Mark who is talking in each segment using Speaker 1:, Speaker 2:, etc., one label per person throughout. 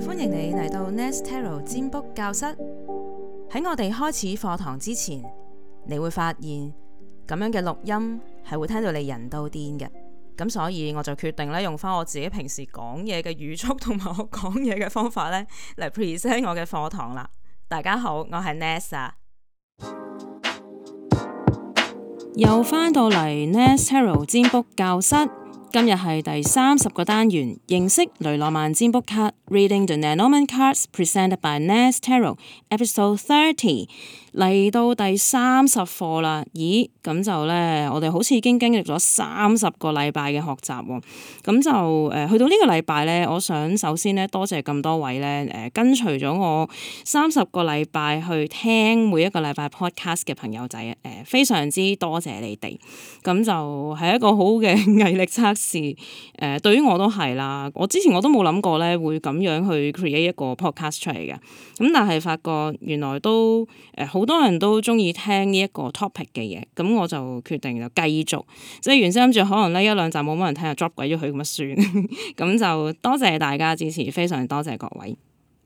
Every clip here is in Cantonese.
Speaker 1: 歡迎你嚟到 Nestero 尖卜教室。喺我哋開始課堂之前，你會發現咁樣嘅錄音係會聽到你人都癲嘅。咁所以我就決定咧用翻我自己平時講嘢嘅語速同埋我講嘢嘅方法咧嚟 present 我嘅課堂啦。大家好，我係 Nestar，又翻到嚟 Nestero 尖卜教室。今日係第三十個單元，認識雷諾曼尖卜卡。Reading the Nanoman Cards presented by n a s t a r o episode thirty，嚟到第三十課啦，咦咁就咧，我哋好似已經經歷咗三十個禮拜嘅學習喎，咁就誒去、呃、到呢個禮拜咧，我想首先咧多謝咁多位咧誒、呃、跟隨咗我三十個禮拜去聽每一個禮拜 podcast 嘅朋友仔誒、呃，非常之多謝你哋，咁就係一個好嘅毅力測試，誒、呃、對於我都係啦，我之前我都冇諗過咧會咁。咁樣去 create 一個 podcast 出嚟嘅？咁但係發覺原來都誒好、呃、多人都中意聽呢一個 topic 嘅嘢，咁我就決定就繼續。即係原先諗住可能呢一兩集冇乜人聽就 drop 鬼咗佢咁啊算，咁 就多謝大家支持，非常多謝各位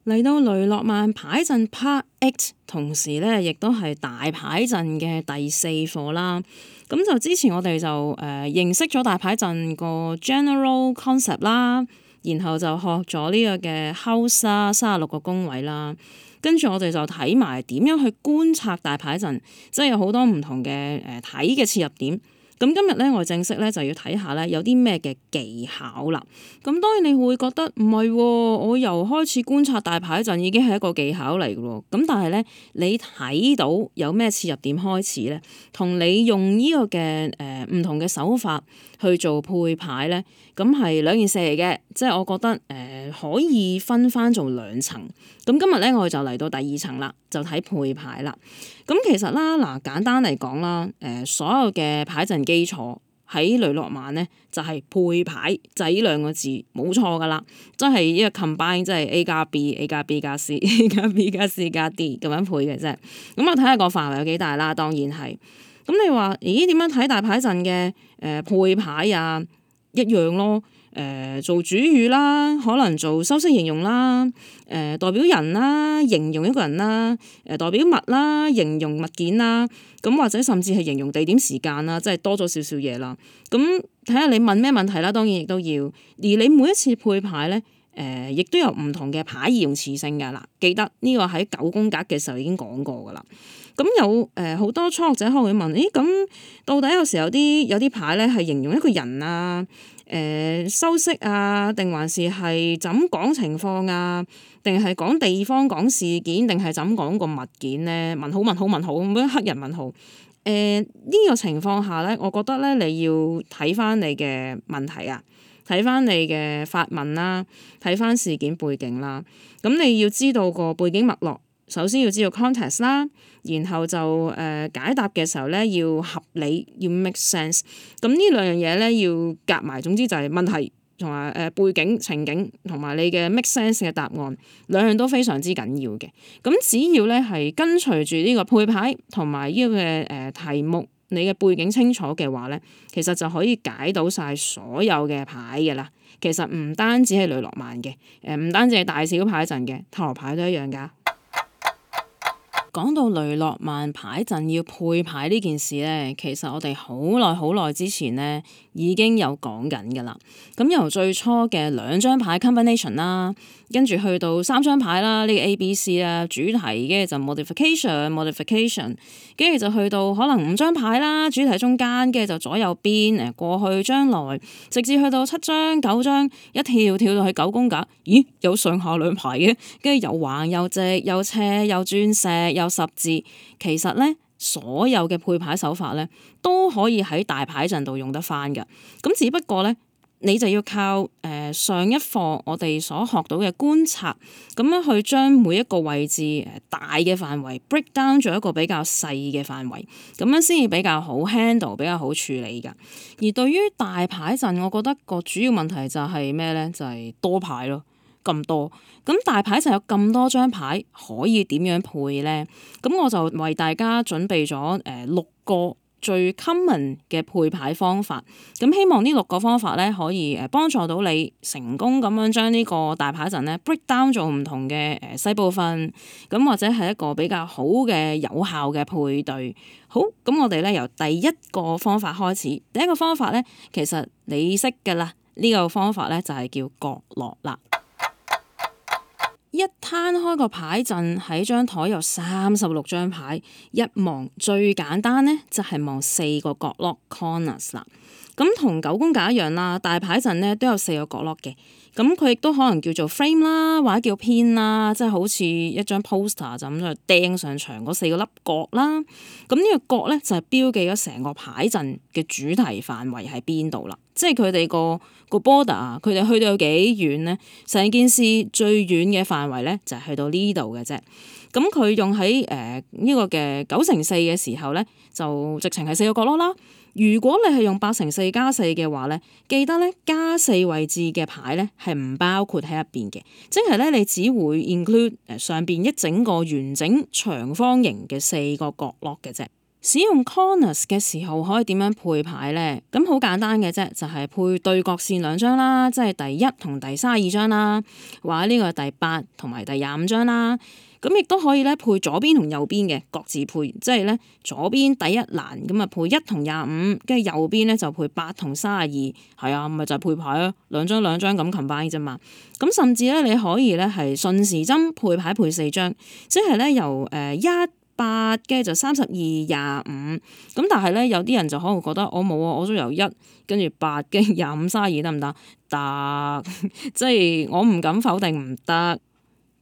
Speaker 1: 嚟到雷諾曼牌陣 Part Eight，同時咧亦都係大牌陣嘅第四課啦。咁就之前我哋就誒、呃、認識咗大牌陣個 general concept 啦。然後就學咗呢個嘅敲沙三十六個工位啦，跟住我哋就睇埋點樣去觀察大牌陣，即係有好多唔同嘅誒睇嘅切入點。咁、嗯、今日咧，我正式咧就要睇下咧有啲咩嘅技巧啦。咁、嗯、當然你會覺得唔係喎，我由開始觀察大牌陣已經係一個技巧嚟嘅喎。咁、嗯、但係咧，你睇到有咩切入點開始咧，同你用呢個嘅誒唔同嘅手法。去做配牌咧，咁係兩件事嚟嘅，即、就、係、是、我覺得誒、呃、可以分翻做兩層。咁今日咧，我哋就嚟到第二層啦，就睇配牌啦。咁其實啦，嗱、呃、簡單嚟講啦，誒、呃、所有嘅牌陣基礎喺雷諾曼咧，就係、是、配牌就係依兩個字，冇錯噶啦，即係依個 combine 即係 A 加 B, B、A 加 B 加 C、A 加 B 加 C 加 D 咁樣配嘅啫。咁我睇下個範圍有幾大啦，當然係。咁你話，咦？點樣睇大牌陣嘅誒、呃、配牌啊？一樣咯，誒、呃、做主語啦，可能做修飾形容啦，誒、呃、代表人啦，形容一個人啦，誒、呃、代表物啦，形容物件啦，咁或者甚至係形容地點時間啦，即係多咗少少嘢啦。咁睇下你問咩問題啦，當然亦都要。而你每一次配牌咧。誒，亦、呃、都有唔同嘅牌要容詞性㗎啦。記得呢、這個喺九宮格嘅時候已經講過㗎啦。咁、嗯、有誒好、呃、多初學者可能會問，咦，咁到底有時候有啲有啲牌咧係形容一個人啊、誒修飾啊，定還是係怎咁講情況啊？定係講地方、講事件，定係怎咁講個物件咧？問好問好問好咁樣黑人問號。誒、呃、呢、這個情況下咧，我覺得咧你要睇返你嘅問題啊。睇翻你嘅發問啦，睇翻事件背景啦，咁你要知道個背景脈絡，首先要知道 context 啦，然後就誒、呃、解答嘅時候咧要合理，要 make sense。咁呢兩樣嘢咧要夾埋，總之就係問題同埋誒背景情景同埋你嘅 make sense 嘅答案，兩樣都非常之緊要嘅。咁只要咧係跟隨住呢個配牌同埋呢個嘅誒、呃、題目。你嘅背景清楚嘅話咧，其實就可以解到晒所有嘅牌噶啦。其實唔單止係雷諾曼嘅，誒唔單止係大小牌陣嘅，塔羅牌都一樣噶。講到雷諾曼牌陣要配牌呢件事咧，其實我哋好耐好耐之前咧已經有講緊噶啦。咁由最初嘅兩張牌 combination 啦，跟住去到三張牌啦，呢個 A、B、C 啦主題嘅就 modification，modification modification。跟住就去到可能五張牌啦，主題中間，跟住就左右邊誒過去將來，直至去到七張、九張，一跳跳到去九宮格，咦有上下兩排嘅，跟住又橫又直又斜又鑽石又十字，其實咧所有嘅配牌手法咧都可以喺大牌陣度用得返㗎，咁只不過咧。你就要靠誒、呃、上一課我哋所學到嘅觀察，咁樣去將每一個位置誒大嘅範圍 break down 做一個比較細嘅範圍，咁樣先至比較好 handle 比較好處理㗎。而對於大牌陣，我覺得個主要問題就係咩咧？就係、是、多牌咯，咁多。咁大牌就有咁多張牌，可以點樣配咧？咁我就為大家準備咗誒、呃、六個最 common 嘅配牌方法，咁希望呢六個方法咧可以誒幫助到你成功咁樣將呢個大牌陣咧 break down 做唔同嘅誒細部分，咁或者係一個比較好嘅有效嘅配對。好，咁我哋咧由第一個方法開始，第一個方法咧其實你識㗎啦，呢個方法咧就係叫角落啦。一攤開個牌陣喺張台有三十六張牌，一望最簡單呢就係、是、望四個角落 corners 啦。咁同九宮格一樣啦，大牌陣呢都有四個角落嘅。咁佢亦都可能叫做 frame 啦，或者叫 pin 啦，即係好似一張 poster 就咁樣釘上牆嗰四個粒角啦。咁、這、呢個角咧就係標記咗成個牌陣嘅主題範圍喺邊度啦。即係佢哋個個 border 啊，佢哋去到有幾遠咧？成件事最遠嘅範圍咧就係去到呢度嘅啫。咁佢用喺誒呢個嘅九乘四嘅時候咧，就直情係四個角落啦。如果你係用八乘四加四嘅話呢，記得呢加四位置嘅牌呢係唔包括喺入邊嘅，即係呢你只會 include 上邊一整個完整長方形嘅四個角落嘅啫。使用 corners 嘅時候可以點樣配牌呢？咁好簡單嘅啫，就係、是、配對角線兩張啦，即係第一同第三二張啦，或者呢個第八同埋第二五張啦。咁亦都可以咧，配左邊同右邊嘅，各自配，即係咧左邊第一欄咁啊，配一同廿五，跟住右邊咧就配八同三十二，係啊，咪就係配牌咯，兩張兩張咁 combine 啫嘛。咁甚至咧，你可以咧係順時針配牌配四張，即係咧由誒一八，跟住就三十二廿五。咁但係咧，有啲人就可能覺得我冇、哦、啊，我都由一跟住八跟廿五三二得唔得？得， 即係我唔敢否定唔得。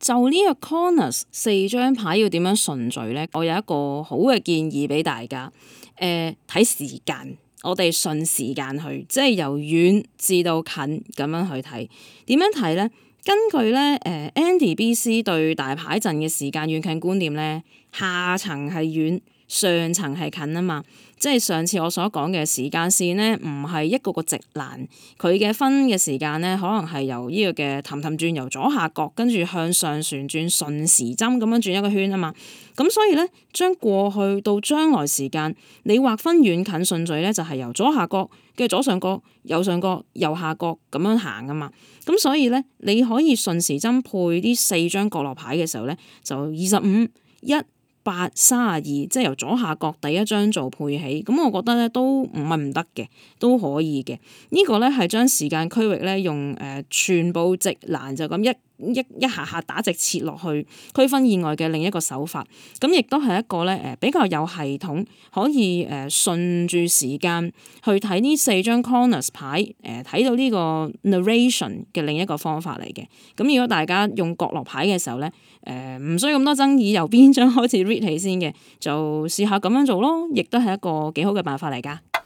Speaker 1: 就呢個 corners 四張牌要點樣順序呢？我有一個好嘅建議俾大家。誒、呃，睇時間，我哋順時間去，即係由遠至到近咁樣去睇。點樣睇呢？根據咧誒、呃、Andy、BC 對大牌陣嘅時間遠近觀念咧。下層係遠，上層係近啊嘛！即係上次我所講嘅時間線咧，唔係一個個直欄，佢嘅分嘅時間咧，可能係由呢個嘅氹氹轉，晨晨轉由左下角跟住向上旋轉順時針咁樣轉一個圈啊嘛！咁所以咧，將過去到將來時間，你劃分遠近順序咧，就係由左下角嘅左上角、右上角、右下角咁樣行啊嘛！咁所以咧，你可以順時針配啲四張角落牌嘅時候咧，就二十五一。八三廿二，32，即係由左下角第一張做配起，咁我覺得咧都唔係唔得嘅，都可以嘅。這個、呢個咧係將時間區域咧用誒、呃、全部直欄就咁一。一一下下打直切落去區分意外嘅另一個手法，咁亦都係一個咧誒比較有系統，可以誒順住時間去睇呢四張 corners 牌，誒睇到呢個 narration 嘅另一個方法嚟嘅。咁如果大家用角落牌嘅時候咧，誒唔需要咁多爭議，由邊張開始 read 起先嘅，就試下咁樣做咯，亦都係一個幾好嘅辦法嚟噶。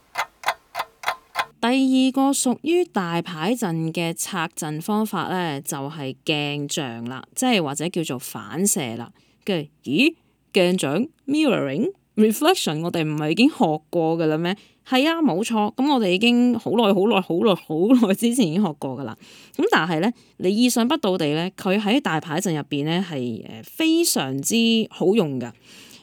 Speaker 1: 第二個屬於大牌陣嘅拆陣方法咧，就係鏡像啦，即係或者叫做反射啦。跟住，咦？鏡像 （mirroring）、reflection，我哋唔係已經學過嘅啦咩？係啊，冇錯。咁我哋已經好耐、好耐、好耐、好耐之前已經學過噶啦。咁但係咧，你意想不到地咧，佢喺大牌陣入邊咧係誒非常之好用嘅。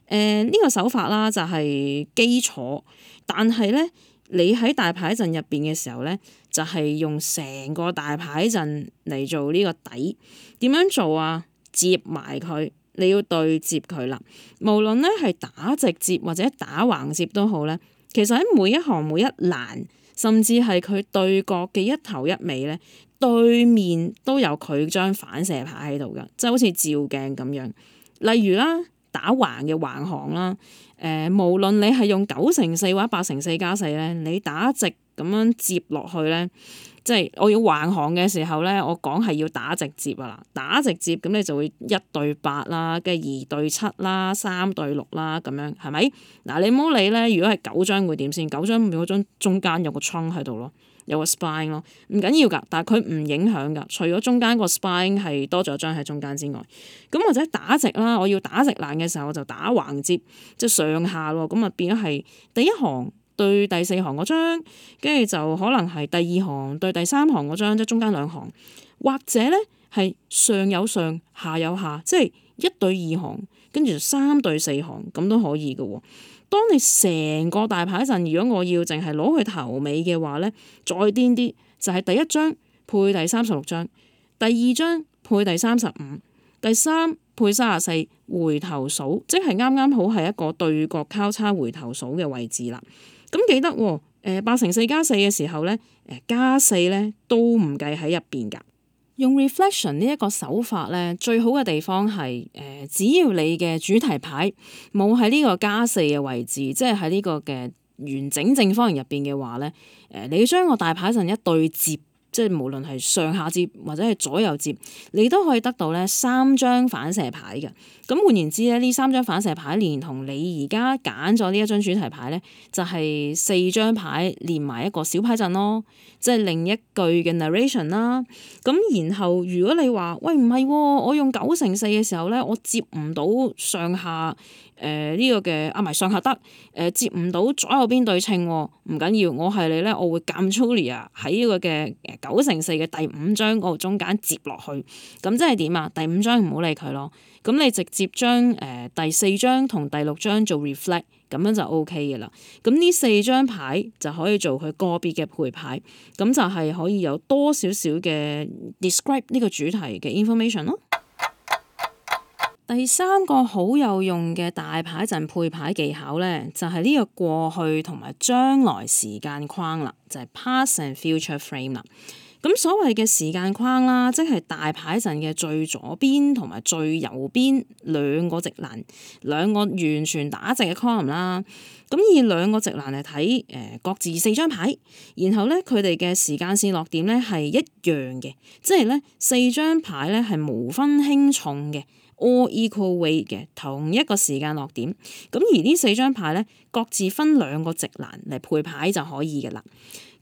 Speaker 1: 誒呢個手法啦，就係基礎，但係咧。你喺大牌陣入邊嘅時候咧，就係用成個大牌陣嚟做呢個底。點樣做啊？接埋佢，你要對接佢啦。無論咧係打直接或者打橫接都好咧，其實喺每一行每一欄，甚至係佢對角嘅一頭一尾咧，對面都有佢張反射牌喺度噶，即係好似照鏡咁樣。例如啦。打橫嘅橫行啦，誒、呃，無論你係用九乘四或者八乘四加四咧，你打直咁樣接落去咧，即係我要橫行嘅時候咧，我講係要打直接啊，打直接咁你就會一對八啦，跟住二對七啦，三對六啦咁樣，係咪？嗱，你唔好理咧，如果係九張會點先？九張五張中間有個窗喺度咯。有個 spine 咯，唔緊要噶，但係佢唔影響噶，除咗中間個 spine 係多咗張喺中間之外，咁或者打直啦，我要打直攔嘅時候我就打橫折，即係上下喎，咁啊變咗係第一行對第四行嗰張，跟住就可能係第二行對第三行嗰張，即中間兩行，或者咧係上有上，下有下，即係一對二行，跟住三對四行，咁都可以噶喎。當你成個大牌嗰陣，如果我要淨係攞佢頭尾嘅話呢，再癲啲就係、是、第一張配第三十六張，第二張配第三十五，第三配三十四，回頭數，即係啱啱好係一個對角交叉回頭數嘅位置啦。咁記得誒，八、呃、乘四加四嘅時候呢，加四呢都唔計喺入邊㗎。用 reflection 呢一個手法咧，最好嘅地方係誒、呃、只要你嘅主題牌冇喺呢個加四嘅位置，即係喺呢個嘅完整正方形入邊嘅話咧，誒、呃、你將個大牌陣一對接。即係無論係上下接或者係左右接，你都可以得到咧三張反射牌嘅。咁換言之咧，呢三張反射牌連同你而家揀咗呢一張主題牌咧，就係、是、四張牌連埋一個小牌陣咯。即係另一句嘅 narration 啦。咁然後如果你話喂，唔係喎，我用九乘四嘅時候咧，我接唔到上下。誒呢、呃這個嘅啊，埋、啊、上下得誒、呃、接唔到左右邊對稱喎、啊，唔緊要，我係你咧，我會 g a m e 啊喺呢個嘅九、呃、乘四嘅第五張嗰個中間接落去，咁、嗯、即係點啊？第五張唔好理佢咯，咁、嗯、你直接將誒、呃、第四張同第六張做 reflect，咁樣就 OK 嘅啦。咁、嗯、呢四張牌就可以做佢個別嘅配牌，咁、嗯、就係可以有多少少嘅 describe 呢個主題嘅 information 咯。第三個好有用嘅大牌陣配牌技巧咧，就係呢個過去同埋將來時間框啦，就係 Past and Future Frame 啦。咁所謂嘅時間框啦，即係大牌陣嘅最左邊同埋最右邊兩個直欄，兩個完全打直嘅 column 啦。咁以兩個直欄嚟睇，誒各自四張牌，然後咧佢哋嘅時間線落點咧係一樣嘅，即係咧四張牌咧係無分輕重嘅。all equal weight 嘅，同一個時間落點。咁而呢四張牌咧，各自分兩個直欄嚟配牌就可以嘅啦。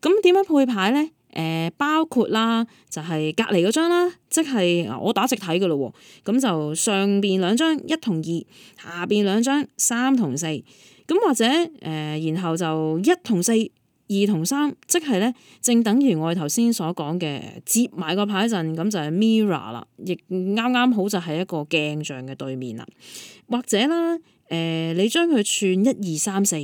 Speaker 1: 咁點樣配牌咧？誒、呃、包括啦，就係隔離嗰張啦，即係我打直睇嘅咯喎。咁就上邊兩張一同二，下邊兩張三同四。咁或者誒、呃、然後就一同四。二同三，即係咧，正等於我哋頭先所講嘅接埋個牌陣，咁就係 mirror 啦，亦啱啱好就係一個鏡像嘅對面啦。或者啦，誒、呃，你將佢串一二三四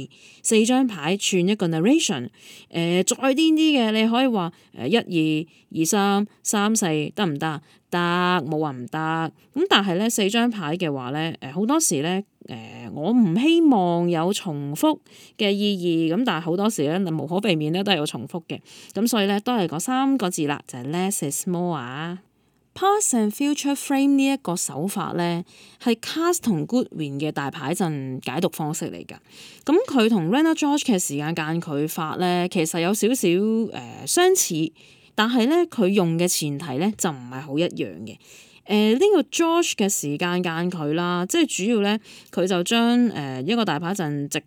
Speaker 1: 四張牌串一個 narration，誒、呃，再癲啲嘅，你可以話誒一二二三三四得唔得？得，冇話唔得。咁但係咧，四張牌嘅話咧，誒好多時咧。誒、呃，我唔希望有重複嘅意義，咁但係好多時咧，無可避免咧，都係有重複嘅。咁所以咧，都係嗰三個字啦，就係、是、less is more 啊。Past and future frame 呢一個手法咧，係 Cast 同 Goodwin 嘅大牌陣解讀方式嚟㗎。咁佢同 Rena George 嘅時間間距法咧，其實有少少誒、呃、相似，但係咧，佢用嘅前提咧就唔係好一樣嘅。誒呢、呃這個 George 嘅時間間距啦，即係主要咧，佢就將誒、呃、一個大牌陣直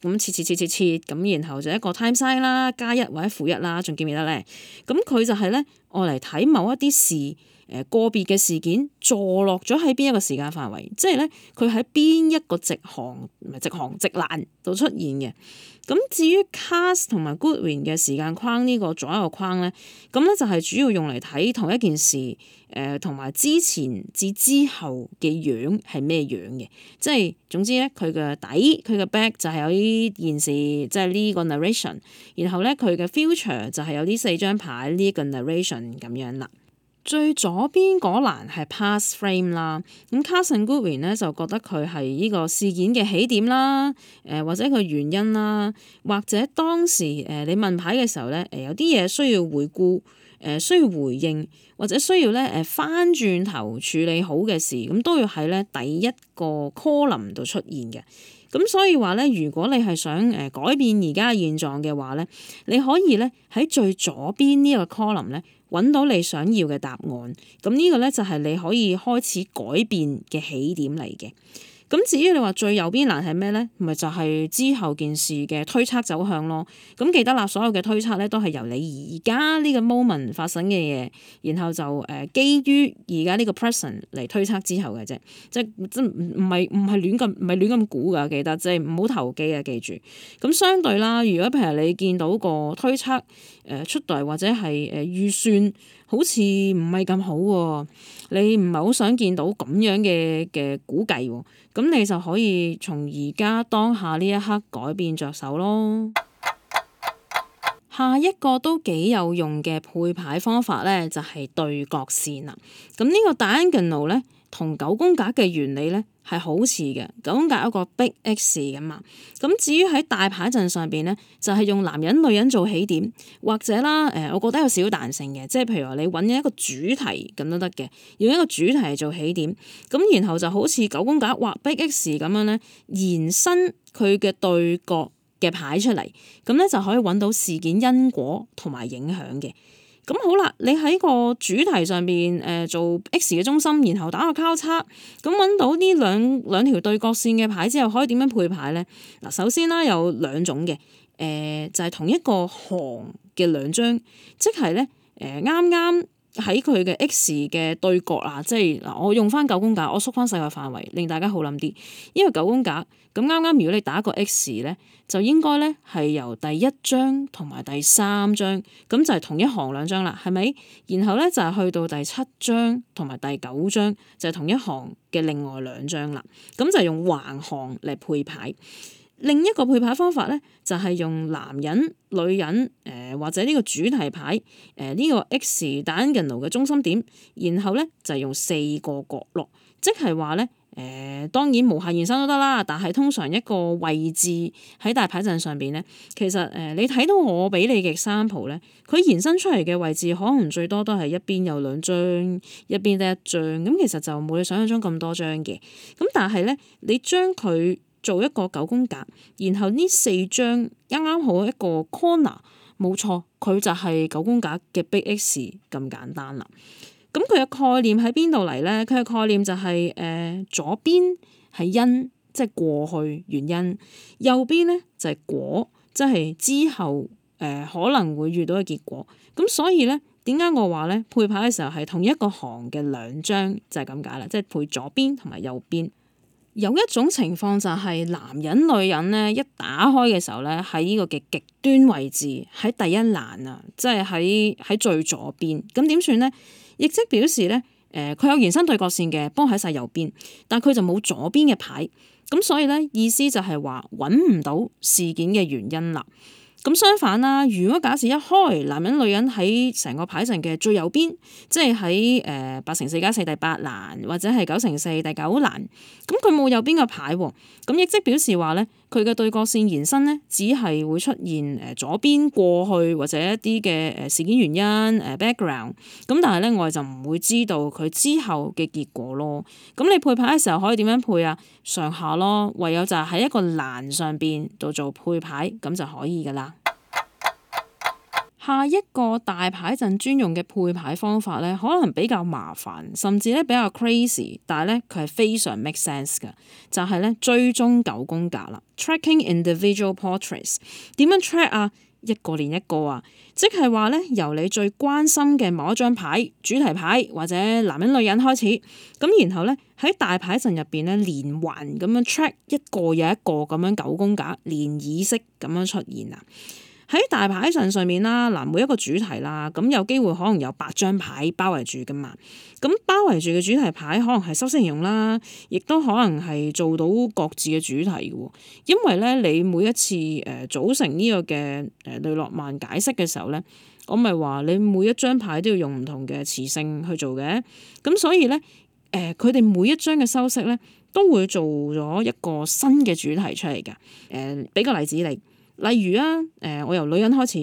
Speaker 1: 咁切切切切切咁，然後就一個 time size 啦，加一或者負一啦，仲記唔記得咧？咁佢就係咧，愛嚟睇某一啲事誒、呃、個別嘅事件坐落咗喺邊一個時間範圍，即係咧佢喺邊一個直行唔係直行直欄度出現嘅。咁至於 cast 同埋 goodwin 嘅時間框呢、這個左右框咧，咁咧就係主要用嚟睇同一件事，誒同埋之前至之後嘅樣係咩樣嘅，即係總之咧佢嘅底佢嘅 back 就係有呢件事，即係呢個 narration，然後咧佢嘅 future 就係有呢四張牌呢、這個 narration 咁樣啦。最左邊嗰欄係 Pass frame 啦，咁 Carson Gubrin 咧就覺得佢係呢個事件嘅起點啦，誒、呃、或者佢原因啦，或者當時誒、呃、你問牌嘅時候咧，誒、呃、有啲嘢需要回顧，誒、呃、需要回應，或者需要咧誒、呃、翻轉頭處理好嘅事，咁、呃、都要喺咧第一個 column 度出現嘅。咁、呃、所以話咧，如果你係想誒、呃、改變而家嘅現狀嘅話咧，你可以咧喺最左邊呢一個 column 咧。揾到你想要嘅答案，咁呢個咧就係你可以開始改變嘅起點嚟嘅。咁至於你話最右邊欄係咩咧？咪就係、是、之後件事嘅推測走向咯。咁記得啦，所有嘅推測咧都係由你而家呢個 moment 發生嘅嘢，然後就誒基於而家呢個 present 嚟推測之後嘅啫。即即唔唔係唔係亂咁唔係亂咁估㗎，記得即係唔好投機啊，記住。咁相對啦，如果譬如你見到個推測誒出嚟或者係誒預算，好似唔係咁好喎、啊，你唔係好想見到咁樣嘅嘅估計喎、啊，咁你就可以從而家當下呢一刻改變着手咯。 下一個都幾有用嘅配牌方法咧，就係、是、對角線啦。咁呢個 diagonal 咧。同九宮格嘅原理咧係好似嘅，九宮格一個逼 X 咁啊。咁至於喺大牌陣上邊咧，就係、是、用男人女人做起點，或者啦誒、呃，我覺得有少彈性嘅，即係譬如話你揾一個主題咁都得嘅，用一個主題做起點，咁然後就好似九宮格畫逼 X 咁樣咧，延伸佢嘅對角嘅牌出嚟，咁咧就可以揾到事件因果同埋影響嘅。咁好啦，你喺個主題上邊誒、呃、做 X 嘅中心，然後打個交叉，咁揾到呢兩兩條對角線嘅牌之後，可以點樣配牌咧？嗱，首先啦，有兩種嘅，誒、呃、就係、是、同一個行嘅兩張，即係咧誒啱啱。呃剛剛喺佢嘅 X 嘅對角啦，即係嗱，我用翻九宮格，我縮翻細個範圍，令大家好諗啲。因為九宮格咁啱啱，剛剛如果你打個 X 咧，就應該咧係由第一張同埋第三張，咁就係同一行兩張啦，係咪？然後咧就係去到第七張同埋第九張，就係、是、同一行嘅另外兩張啦。咁就係用橫行嚟配牌。另一個配牌方法咧，就係、是、用男人、女人，誒、呃、或者呢個主題牌，誒、呃、呢、這個 X diagonal 嘅中心點，然後咧就用四個角落，即係話咧，誒、呃、當然無限延伸都得啦，但係通常一個位置喺大牌陣上邊咧，其實誒、呃、你睇到我俾你嘅 sample 咧，佢延伸出嚟嘅位置可能最多都係一邊有兩張，一邊得一張，咁其實就冇你想象中咁多張嘅，咁但係咧你將佢。做一個九宮格，然後呢四張啱啱好一個 corner，冇錯，佢就係九宮格嘅 Big X 咁簡單啦。咁佢嘅概念喺邊度嚟呢？佢嘅概念就係、是、誒、呃、左邊係因，即係過去原因；右邊呢就係、是、果，即係之後誒、呃、可能會遇到嘅結果。咁所以呢，點解我話呢？配牌嘅時候係同一個行嘅兩張就係咁解啦，即係配左邊同埋右邊。有一種情況就係男人女人呢一打開嘅時候，呢喺呢個極極端位置喺第一欄啊，即係喺喺最左邊，咁點算呢？亦即表示呢，誒、呃、佢有延伸對角線嘅，幫喺晒右邊，但佢就冇左邊嘅牌，咁所以呢，意思就係話揾唔到事件嘅原因啦。咁相反啦，如果假設一開男人女人喺成個牌陣嘅最右邊，即係喺誒八乘四加四第八欄或者係九乘四第九欄，咁佢冇右邊個牌喎，咁亦即表示話咧。佢嘅對角線延伸咧，只係會出現誒左邊過去或者一啲嘅誒事件原因誒 background，咁但係咧我哋就唔會知道佢之後嘅結果咯。咁你配牌嘅時候可以點樣配啊？上下咯，唯有就喺一個欄上邊度做配牌咁就可以噶啦。下一個大牌陣專用嘅配牌方法呢，可能比較麻煩，甚至呢比較 crazy，但係呢，佢係非常 make sense 㗎，就係呢，追蹤九宮格啦，tracking individual portraits。點樣 track 啊？一個連一個啊，即係話呢，由你最關心嘅某一張牌主題牌或者男人女人開始，咁然後呢，喺大牌陣入邊呢，連環咁樣 track 一個又一個咁樣九宮格連意識咁樣出現啊！喺大牌陣上面啦，嗱，每一個主題啦，咁有機會可能有八張牌包圍住噶嘛。咁包圍住嘅主題牌可能係修飾形容啦，亦都可能係做到各自嘅主題嘅，因為咧，你每一次誒、呃、組成呢個嘅誒雷諾曼解釋嘅時候咧，我咪話你每一張牌都要用唔同嘅詞性去做嘅。咁所以咧，誒佢哋每一張嘅修飾咧，都會做咗一個新嘅主題出嚟嘅誒，俾、呃、個例子你。例如啊，誒、呃，我由女人開始，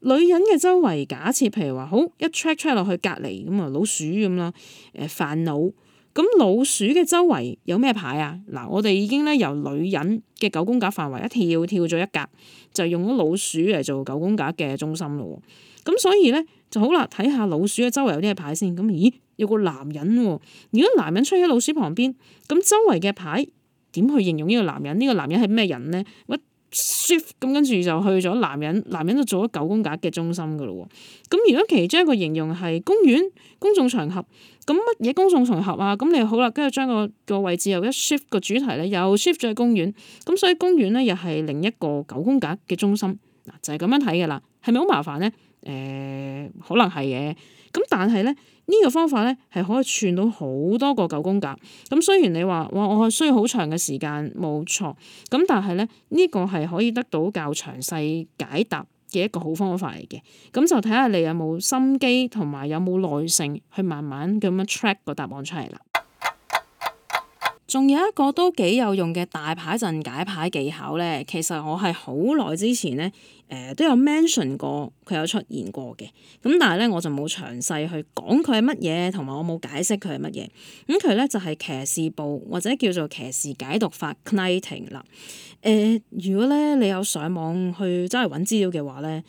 Speaker 1: 女人嘅周圍假設，譬如話，好一 track track 落去隔籬，咁啊老鼠咁啦，誒、呃、煩惱。咁老鼠嘅周圍有咩牌啊？嗱，我哋已經咧由女人嘅九宮格範圍一跳跳咗一格，就用咗老鼠嚟做九宮格嘅中心咯。咁所以咧就好啦，睇下老鼠嘅周圍有啲咩牌先。咁咦，有個男人喎、哦。如果男人出喺老鼠旁邊，咁周圍嘅牌點去形容呢個男人？呢、這個男人係咩人咧？shift 咁跟住就去咗男人，男人就做咗九宮格嘅中心嘅咯喎。咁如果其中一個形容係公園、公眾場合，咁乜嘢公眾場合啊？咁你好啦，跟住將個個位置又一 shift 個主題咧，又 shift 咗喺公園。咁所以公園咧又係另一個九宮格嘅中心。嗱就係、是、咁樣睇嘅啦，係咪好麻煩咧？誒，可能係嘅。咁但係咧。呢個方法咧係可以串到好多個九宮格，咁雖然你話哇我需要好長嘅時間，冇錯，咁但係咧呢個係可以得到較詳細解答嘅一個好方法嚟嘅，咁就睇下你有冇心機同埋有冇耐性去慢慢咁樣 track 個答案出嚟啦。仲有一個都幾有用嘅大牌陣解牌技巧呢。其實我係好耐之前咧，誒、呃、都有 mention 過，佢有出現過嘅，咁但係呢，我就冇詳細去講佢係乜嘢，同埋我冇解釋佢係乜嘢。咁、嗯、佢呢，就係、是、騎士步，或者叫做騎士解讀法 Knighting 啦。誒、呃，如果呢，你有上網去周圍揾資料嘅話呢。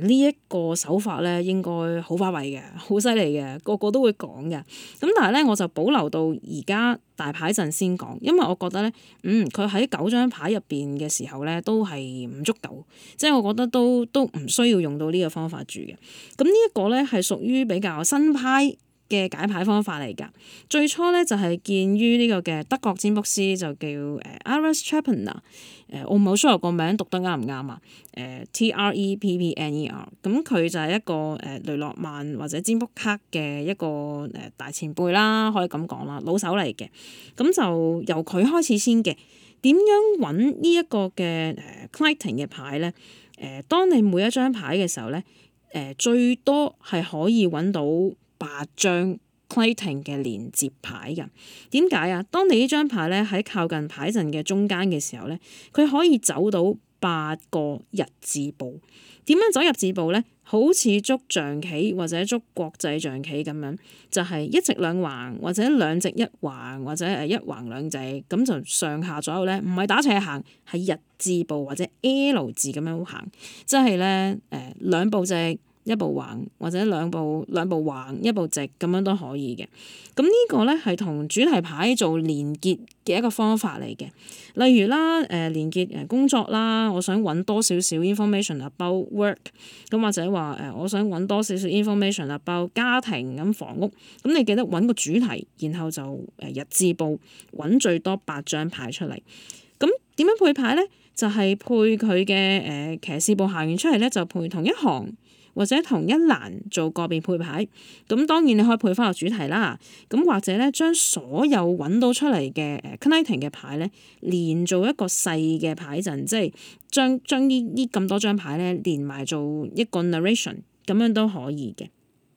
Speaker 1: 誒，呢一個手法咧，應該好發圍嘅，好犀利嘅，個個都會講嘅。咁但係咧，我就保留到而家大牌陣先講，因為我覺得咧，嗯，佢喺九張牌入邊嘅時候咧，都係唔足夠，即係我覺得都都唔需要用到呢個方法住嘅。咁呢一個咧係屬於比較新派。嘅解牌方法嚟㗎。最初咧就係、是、建於呢個嘅德國占卜師，就叫 Aras Treppner 誒我唔好輸入個名讀得啱唔啱啊？誒、呃、T R E P P N E R。咁、e、佢、e、就係一個誒、呃、雷諾曼或者占卜卡嘅一個誒、呃、大前輩啦，可以咁講啦，老手嚟嘅。咁就由佢開始先嘅。點樣揾、呃、呢一個嘅誒 clighting 嘅牌咧？誒、呃、當你每一張牌嘅時候咧，誒、呃、最多係可以揾到。八張 Clayton 嘅連接牌㗎，點解啊？當你呢張牌咧喺靠近牌陣嘅中間嘅時候咧，佢可以走到八個日字步。點樣走日字步咧？好似捉象棋或者捉國際象棋咁樣，就係一直兩橫或者兩直一橫或者誒一橫兩直咁就上下左右咧，唔係打斜行，係日字步或者 L 字咁樣行，即係咧誒兩步直，一步橫或者兩步兩步橫，一步直咁樣都可以嘅。咁、這、呢個咧係同主題牌做連結嘅一個方法嚟嘅。例如啦，誒、呃、連結誒工作啦，我想揾多少少 information about work。咁或者話誒、呃，我想揾多少少 information about 家庭咁房屋。咁、嗯、你記得揾個主題，然後就誒日字步揾最多八張牌出嚟。咁點樣配牌咧？就係、是、配佢嘅誒騎士步行完出嚟咧，就配同一行。或者同一欄做個別配牌，咁當然你可以配翻個主題啦。咁或者咧，將所有揾到出嚟嘅誒 connecting 嘅牌咧，連做一個細嘅牌陣，即係將將呢呢咁多張牌咧連埋做一個 narration，咁樣都可以嘅。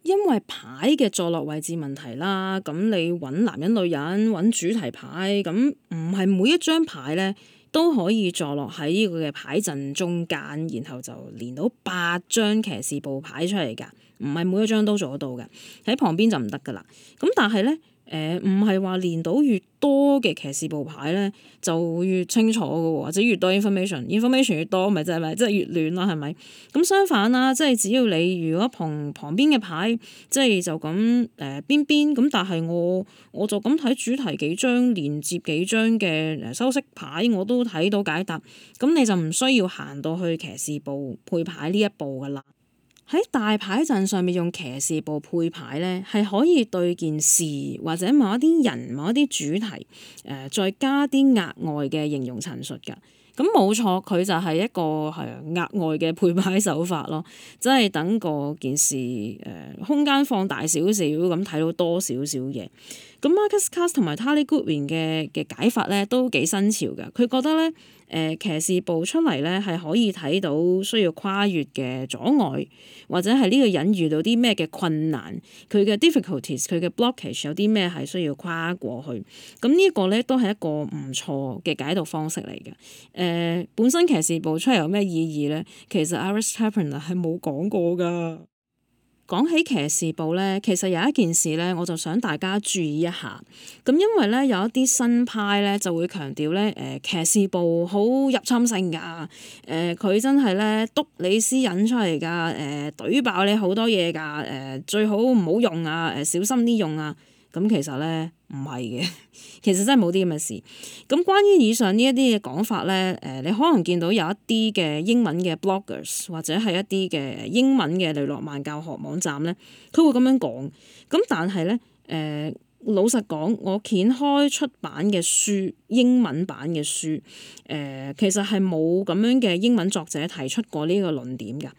Speaker 1: 因為牌嘅坐落位置問題啦，咁你揾男人女人揾主題牌，咁唔係每一張牌咧。都可以坐落喺依個嘅牌陣中間，然後就連到八張騎士布牌出嚟噶，唔係每一張都做得到嘅，喺旁邊就唔得噶啦。咁但係咧。誒唔係話連到越多嘅騎士部牌咧，就會越清楚嘅喎，或者越多 information，information information 越多，咪即係咪即係越亂啦，係咪？咁相反啦，即係只要你如果旁旁邊嘅牌，即係就咁誒、呃、邊邊，咁但係我我就咁睇主題幾張連接幾張嘅誒修飾牌，我都睇到解答，咁你就唔需要行到去騎士部配牌呢一步嘅啦。喺大牌陣上面用騎士步配牌咧，係可以對件事或者某一啲人、某一啲主題，誒、呃、再加啲額外嘅形容陳述㗎。咁、嗯、冇錯，佢就係一個係、嗯、額外嘅配牌手法咯，即係等個件事誒、呃、空間放大少少，咁睇到多少少嘢。咁、嗯、Marcus Cast 同埋 Tali Goodwin 嘅嘅解法咧都幾新潮㗎，佢覺得咧。誒、呃、騎士步出嚟咧，係可以睇到需要跨越嘅阻礙，或者係呢個人遇到啲咩嘅困難，佢嘅 difficulties，佢嘅 blockage 有啲咩係需要跨過去。咁、嗯，這個、呢個咧都係一個唔錯嘅解讀方式嚟嘅。誒、呃、本身騎士步出嚟有咩意義咧？其實 Iris Tappan 係冇講過㗎。講起騎士部咧，其實有一件事咧，我就想大家注意一下。咁因為咧，有一啲新派咧，就會強調咧，誒、呃、騎士部好入侵性㗎。誒、呃、佢真係咧篤你私隱出嚟㗎，誒、呃、懟爆你好多嘢㗎，誒、呃、最好唔好用啊，誒小心啲用啊。咁其實咧唔係嘅，其實真係冇啲咁嘅事。咁關於以上呢一啲嘅講法咧，誒，你可能見到有一啲嘅英文嘅 bloggers 或者係一啲嘅英文嘅雷諾曼教學網站咧，佢會咁樣講。咁但係咧，誒、呃。老實講，我掀開出版嘅書，英文版嘅書，誒、呃、其實係冇咁樣嘅英文作者提出過呢個論點㗎。咁、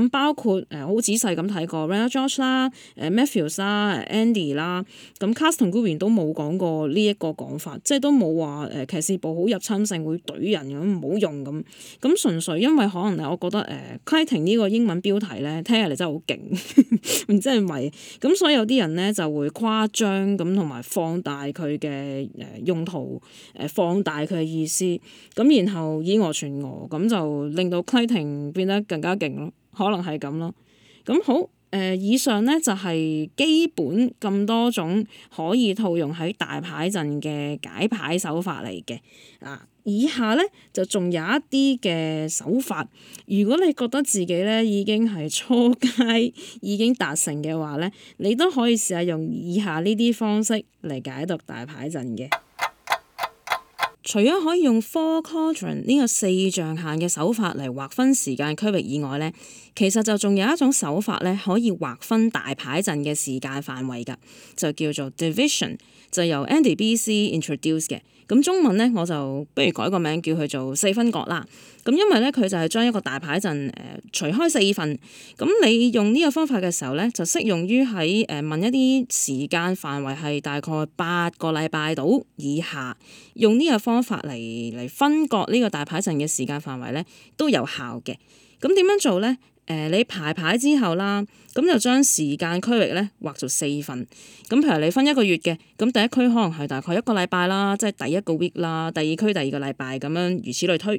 Speaker 1: 嗯、包括誒好、呃、仔細咁睇過 Rena George 啦、誒 Matthews 啦、Andy 啦，咁 Caston Gubian 都冇講過呢一個講法，即係都冇話誒騎士部好入侵性會懟人咁唔好用咁。咁純、嗯、粹因為可能係我覺得誒 Kiting 呢個英文標題咧聽起嚟真係好勁，唔知係咪？咁所以有啲人咧就會誇張咁。咁同埋放大佢嘅誒用途，誒、呃、放大佢嘅意思，咁然後以訛傳訛，咁就令到規停變得更加勁咯，可能係咁咯。咁、嗯、好，誒、呃、以上咧就係、是、基本咁多種可以套用喺大牌陣嘅解牌手法嚟嘅啊。以下呢，就仲有一啲嘅手法。如果你覺得自己呢已經係初階已經達成嘅話呢，你都可以試下用以下呢啲方式嚟解讀大牌陣嘅。 除咗可以用 four quadrant 呢個四象限嘅手法嚟劃分時間區域以外呢，其實就仲有一種手法呢，可以劃分大牌陣嘅時間範圍㗎，就叫做 division，就由 Andy B C introduce 嘅。咁中文咧，我就不如改個名叫佢做四分割啦。咁因為咧，佢就係將一個大牌陣誒、呃、除開四份。咁你用呢個方法嘅時候咧，就適用於喺誒問一啲時間範圍係大概八個禮拜度以下，用呢個方法嚟嚟分割呢個大牌陣嘅時間範圍咧，都有效嘅。咁點樣做咧？.誒、呃、你排牌之後啦，咁就將時間區域咧劃做四份。咁譬如你分一個月嘅，咁第一區可能係大概一個禮拜啦，即係第一個 week 啦，第二區第二個禮拜咁樣，如此類推。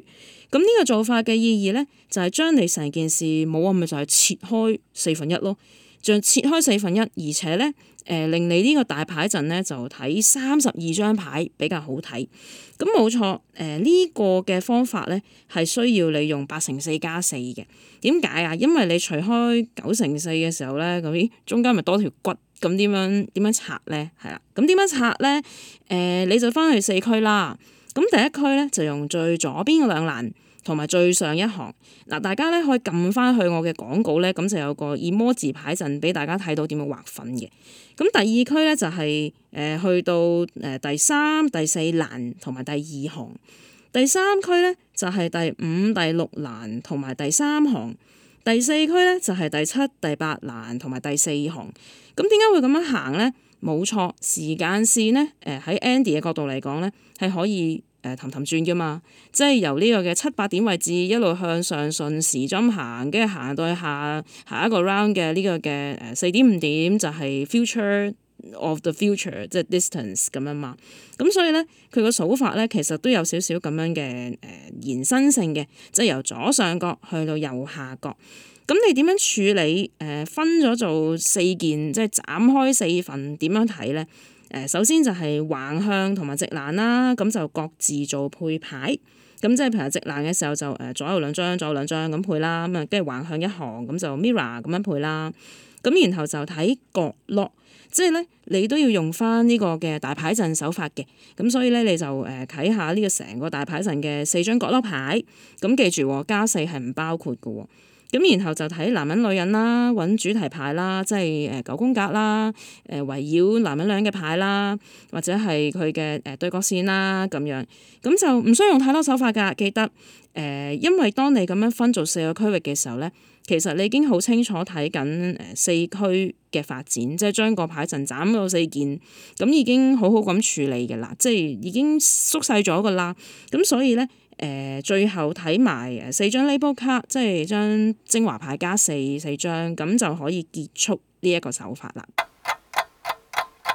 Speaker 1: 咁呢個做法嘅意義咧，就係、是、將你成件事冇啊咪就係、是、切開四分一咯。就切開四分一，而且咧，誒、呃、令你呢個大牌陣咧就睇三十二張牌比較好睇。咁冇錯，誒、呃、呢、呢個嘅方法咧係需要你用八乘四加四嘅。點解啊？因為你除開九乘四嘅時候咧，咁咦中間咪多條骨，咁點樣點樣拆咧？係啦，咁點樣拆咧？誒、呃、你就翻去四區啦。咁第一區咧就用最左邊嘅兩欄。同埋最上一行嗱，大家咧可以撳翻去我嘅廣告咧，咁就有個以模字牌陣俾大家睇到點樣劃分嘅。咁第二區咧就係、是、誒、呃、去到誒第三、第四欄同埋第二行。第三區咧就係、是、第五、第六欄同埋第三行。第四區咧就係、是、第七、第八欄同埋第四行。咁點解會咁樣行咧？冇錯，時間線咧誒喺、呃、Andy 嘅角度嚟講咧係可以。誒氹氹轉嘅嘛，即係由呢個嘅七八點位置一路向上順時針行，跟住行到去下下一個 round 嘅呢個嘅誒四點五點就係 future of the future 即係 distance 咁樣嘛。咁所以咧，佢個手法咧其實都有少少咁樣嘅誒、呃、延伸性嘅，即係由左上角去到右下角。咁你點樣處理？誒、呃、分咗做四件，即係斬開四份，點樣睇咧？誒首先就係橫向同埋直欄啦，咁就各自做配牌。咁即係譬如直欄嘅時候就誒左右兩張，左右兩張咁配啦。咁啊跟住橫向一行咁就 mirror 咁樣配啦。咁然後就睇角落，即係咧你都要用返呢個嘅大牌陣手法嘅。咁所以咧你就誒睇下呢個成個大牌陣嘅四張角落牌。咁記住喎，加四係唔包括嘅喎。咁然後就睇男人女人啦，揾主題牌啦，即係誒九宮格啦，誒圍繞男人女人嘅牌啦，或者係佢嘅誒對角線啦咁樣。咁就唔需要用太多手法㗎，記得誒，呃，因為當你咁樣分做四個區域嘅時候咧，其實你已經好清楚睇緊誒四區嘅發展，即係將個牌陣斬到四件，咁已經好好咁處理㗎啦，即係已經縮細咗㗎啦，咁所以咧。誒、呃、最後睇埋四張 label 卡，即係張精華牌加四四張，咁就可以結束呢一個手法啦。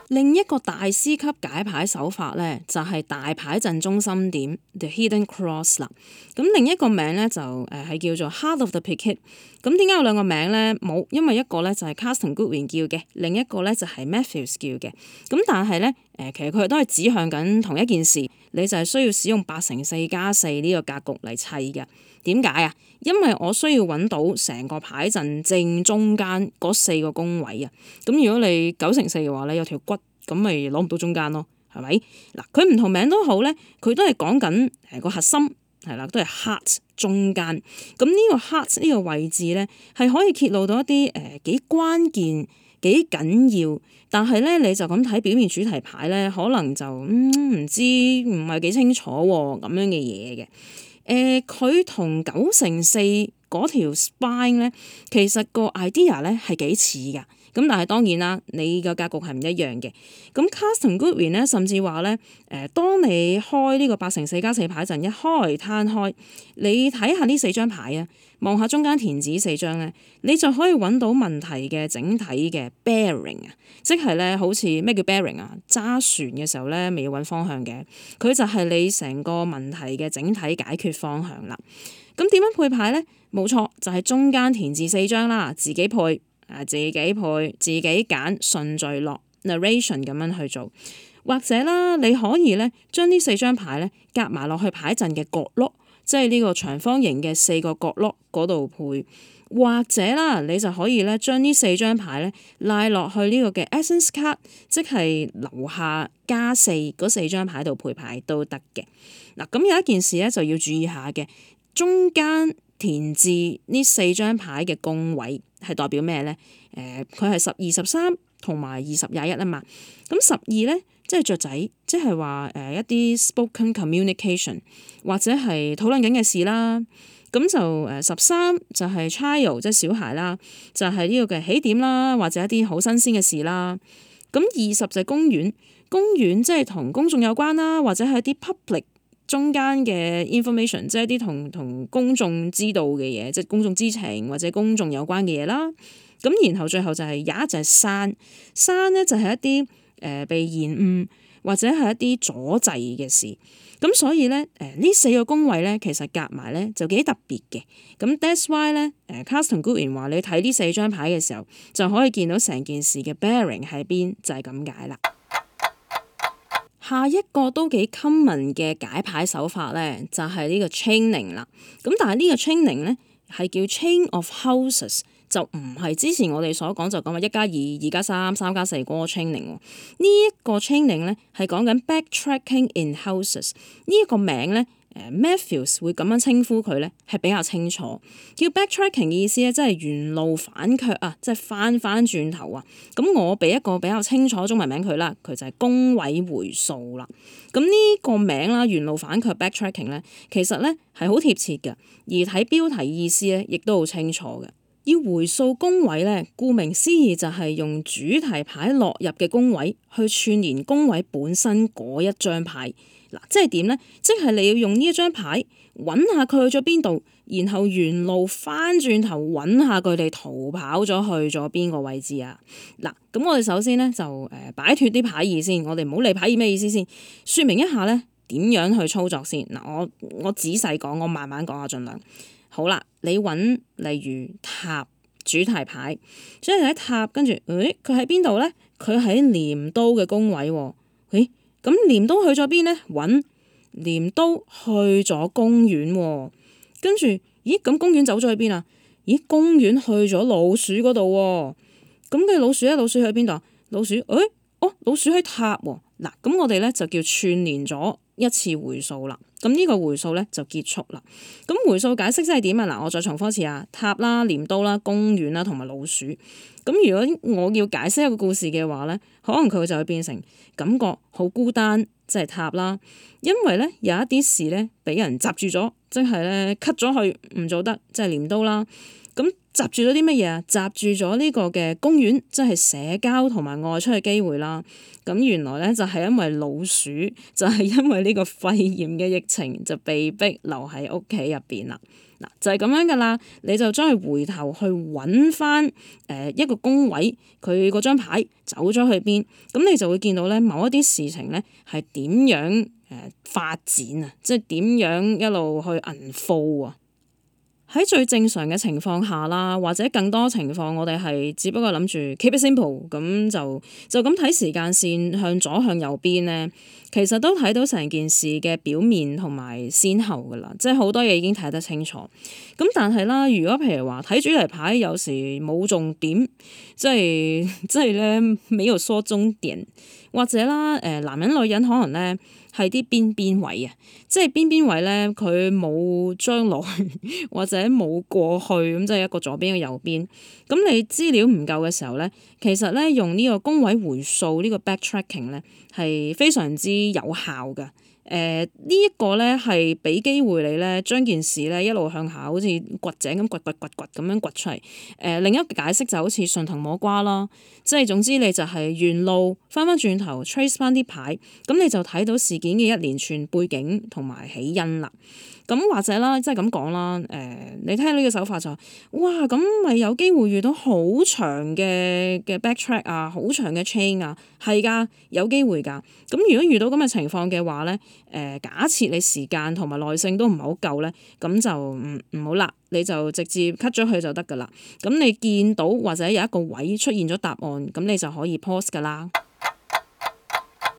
Speaker 1: 另一個大師級解牌手法咧，就係、是、大牌陣中心點 The Hidden Cross 啦。咁另一個名咧就誒係、呃、叫做 Heart of the Picket。咁點解有兩個名咧？冇，因為一個咧就係、是、Karsten Goodwin 叫嘅，另一個咧就係、是、Matthews 叫嘅。咁但係咧。誒，其實佢哋都係指向緊同一件事，你就係需要使用八乘四加四呢個格局嚟砌嘅。點解啊？因為我需要揾到成個牌陣正中間嗰四個宮位啊。咁如果你九乘四嘅話咧，有條骨咁咪攞唔到中間咯，係咪？嗱，佢唔同名都好咧，佢都係講緊誒個核心，係啦，都係 heart 中間。咁呢個 heart 呢個位置咧，係可以揭露到一啲誒、呃、幾關鍵。幾緊要，但係咧你就咁睇表面主題牌咧，可能就唔唔、嗯、知唔係幾清楚喎、哦、咁樣嘅嘢嘅。誒、呃，佢同九乘四嗰條 spine 咧，其實個 idea 咧係幾似㗎。咁但係當然啦，你個格局係唔一樣嘅。咁 c a s t o n g r b i a n 咧，甚至話咧，誒、呃，當你開呢個八乘四加四牌陣一開攤開，你睇下呢四張牌啊！望下中間填字四張呢，你就可以揾到問題嘅整體嘅 bearing 啊，即係呢，好似咩叫 bearing 啊？揸船嘅時候呢，未要揾方向嘅。佢就係你成個問題嘅整體解決方向啦。咁點樣配牌呢？冇錯，就係中間填字四張啦，自己配啊，自己配，自己揀順序落 narration 咁樣去做。或者啦，你可以呢，將呢四張牌呢夾埋落去牌陣嘅角落。即係呢個長方形嘅四個角落嗰度配。或者啦，你就可以咧將呢四張牌咧賴落去呢個嘅 Essence card，即係樓下加四嗰四張牌度配牌都得嘅。嗱，咁有一件事咧就要注意下嘅，中間填字呢四張牌嘅公位係代表咩咧？誒、呃，佢係十二、十三同埋二十廿一啊嘛。咁十二咧？即係雀仔，即係話誒一啲 spoken communication 或者係討論緊嘅事啦。咁就誒十三就係 child 即係小孩啦，就係呢個嘅起點啦，或者一啲好新鮮嘅事啦。咁二十隻公園，公園即係同公眾有關啦，或者係一啲 public 中間嘅 information，即係一啲同同公眾知道嘅嘢，即係公眾知情或者公眾有關嘅嘢啦。咁然後最後就係有一隻山，山咧就係、是、一啲。呃、被延誤或者係一啲阻滯嘅事，咁所以呢，誒、呃、呢四個宮位呢，其實夾埋呢就幾特別嘅，咁 That's why 呢 Caston Gruen 話你睇呢四張牌嘅時候就可以見到成件事嘅 bearing 喺邊，就係咁解啦。下一個都幾 common 嘅解牌手法呢，就係、是、呢個 chaining 啦，咁但係呢個 chaining 呢，係叫 chain of houses。就唔係之前我哋所講就咁話，一加二、二加三、三加四，嗰個 training 喎。這個、tra 呢一個 training 咧係講緊 backtracking in houses。呢、這、一個名咧，誒 Matthews 會咁樣稱呼佢咧，係比較清楚。叫 backtracking 嘅意思咧，即係原路反卻啊，即係翻翻轉頭啊。咁我俾一個比較清楚中文名佢啦，佢就係工位回數啦。咁呢個名啦，原路反卻 backtracking 咧，back acking, 其實咧係好貼切㗎，而睇標題意思咧，亦都好清楚㗎。要回溯工位咧，顧名思義就係用主題牌落入嘅工位去串連工位本身嗰一張牌。嗱，即係點咧？即係你要用呢一張牌揾下佢去咗邊度，然後沿路返轉頭揾下佢哋逃跑咗去咗邊個位置啊！嗱，咁我哋首先咧就誒擺脱啲牌意先，我哋唔好理牌意咩意思先，説明一下咧點樣去操作先。嗱，我我仔細講，我慢慢講啊，盡量。好啦，你揾例如塔主題牌，所以喺塔，跟住，咦？佢喺邊度咧？佢喺鐮刀嘅工位喎、哦。咦？咁鐮刀去咗邊咧？揾鐮刀去咗公園喎、哦。跟住，咦？咁公園走咗去邊啊？咦？公園去咗老鼠嗰度喎。咁嘅老鼠咧，老鼠去邊度啊？老鼠，誒，哦，老鼠喺塔喎、哦。嗱，咁我哋咧就叫串連咗。一次回數啦，咁、這、呢個回數咧就結束啦。咁回數解釋即係點啊？嗱，我再重複一次啊，塔啦、鐮刀啦、公園啦同埋老鼠。咁如果我要解釋一個故事嘅話咧，可能佢就會變成感覺好孤單，即、就、係、是、塔啦。因為咧有一啲事咧俾人閘住咗，即係咧 cut 咗佢唔做得，即係鐮刀啦。閘住咗啲乜嘢啊？閘住咗呢個嘅公園，即係社交同埋外出嘅機會啦。咁原來咧就係因為老鼠，就係、是、因為呢個肺炎嘅疫情，就被逼留喺屋企入邊啦。嗱，就係、是、咁樣㗎啦。你就將佢回頭去揾翻誒一個工位，佢嗰張牌走咗去邊？咁你就會見到咧，某一啲事情咧係點樣誒發展啊？即係點樣一路去 unfold 啊？喺最正常嘅情況下啦，或者更多情況，我哋係只不過諗住 keep it simple，咁就就咁睇時間線向左向右邊咧，其實都睇到成件事嘅表面同埋先後㗎啦，即係好多嘢已經睇得清楚。咁但係啦，如果譬如話睇主題牌，有時冇重點，即係即係咧尾又縮終點，或者啦誒、呃、男人女人可能咧。係啲邊邊位啊，即係邊邊位咧，佢冇將來或者冇過去，咁就一個左邊一個右邊。咁你資料唔夠嘅時候咧，其實咧用呢個工位回溯呢個 backtracking 咧，係非常之有效㗎。誒呢一個咧係俾機會你咧將件事咧一路向下，好似掘井咁掘掘掘掘咁樣掘出嚟。誒、呃、另一個解釋就好似順藤摸瓜啦，即係總之你就係沿路翻翻轉頭 trace 翻啲牌，咁你就睇到事件嘅一連串背景同埋起因啦。咁或者啦，即係咁講啦，誒、呃，你聽到呢個手法就哇，咁咪有機會遇到好長嘅嘅 backtrack 啊，好長嘅 chain 啊，係㗎，有機會㗎。咁如果遇到咁嘅情況嘅話咧，誒、呃，假設你時間同埋耐性都唔係好夠咧，咁就唔唔好啦，你就直接 cut 咗佢就得㗎啦。咁你見到或者有一個位出現咗答案，咁你就可以 pause 噶啦。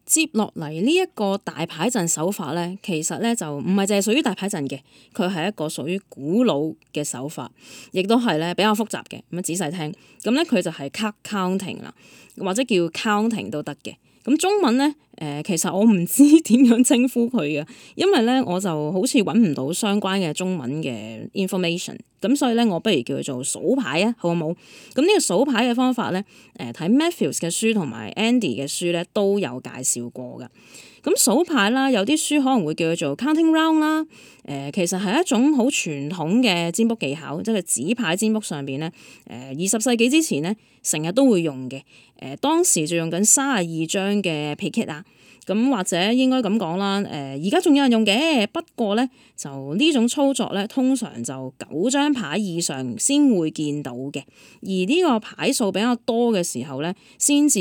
Speaker 1: 接落嚟呢一個大牌陣手法咧，其實咧就唔係淨係屬於大牌陣嘅，佢係一個屬於古老嘅手法，亦都係咧比較複雜嘅。咁啊，仔細聽，咁咧佢就係 cut counting 啦，或者叫 counting 都得嘅。咁中文咧。誒、呃、其實我唔知點樣稱呼佢嘅，因為咧我就好似揾唔到相關嘅中文嘅 information，咁所以咧我不如叫佢做數牌啊，好唔好？咁、嗯、呢、這個數牌嘅方法咧，誒、呃、睇 Matthews 嘅書同埋 Andy 嘅書咧都有介紹過嘅。咁、嗯、數牌啦，有啲書可能會叫佢做 counting round 啦。誒、呃、其實係一種好傳統嘅占卜技巧，即係紙牌占卜上邊咧。誒二十世紀之前咧，成日都會用嘅。誒、呃、當時就用緊三十二張嘅 Piquet 啦。咁或者應該咁講啦，誒而家仲有人用嘅，不過咧就呢種操作咧，通常就九張牌以上先會見到嘅，而呢個牌數比較多嘅時候咧，先至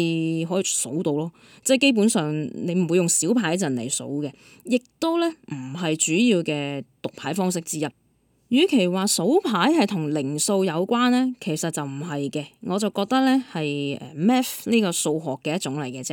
Speaker 1: 可以數到咯，即係基本上你唔會用小牌陣嚟數嘅，亦都咧唔係主要嘅讀牌方式之一。與其話數牌係同靈數有關呢，其實就唔係嘅。我就覺得呢係 math 呢個數學嘅一種嚟嘅啫。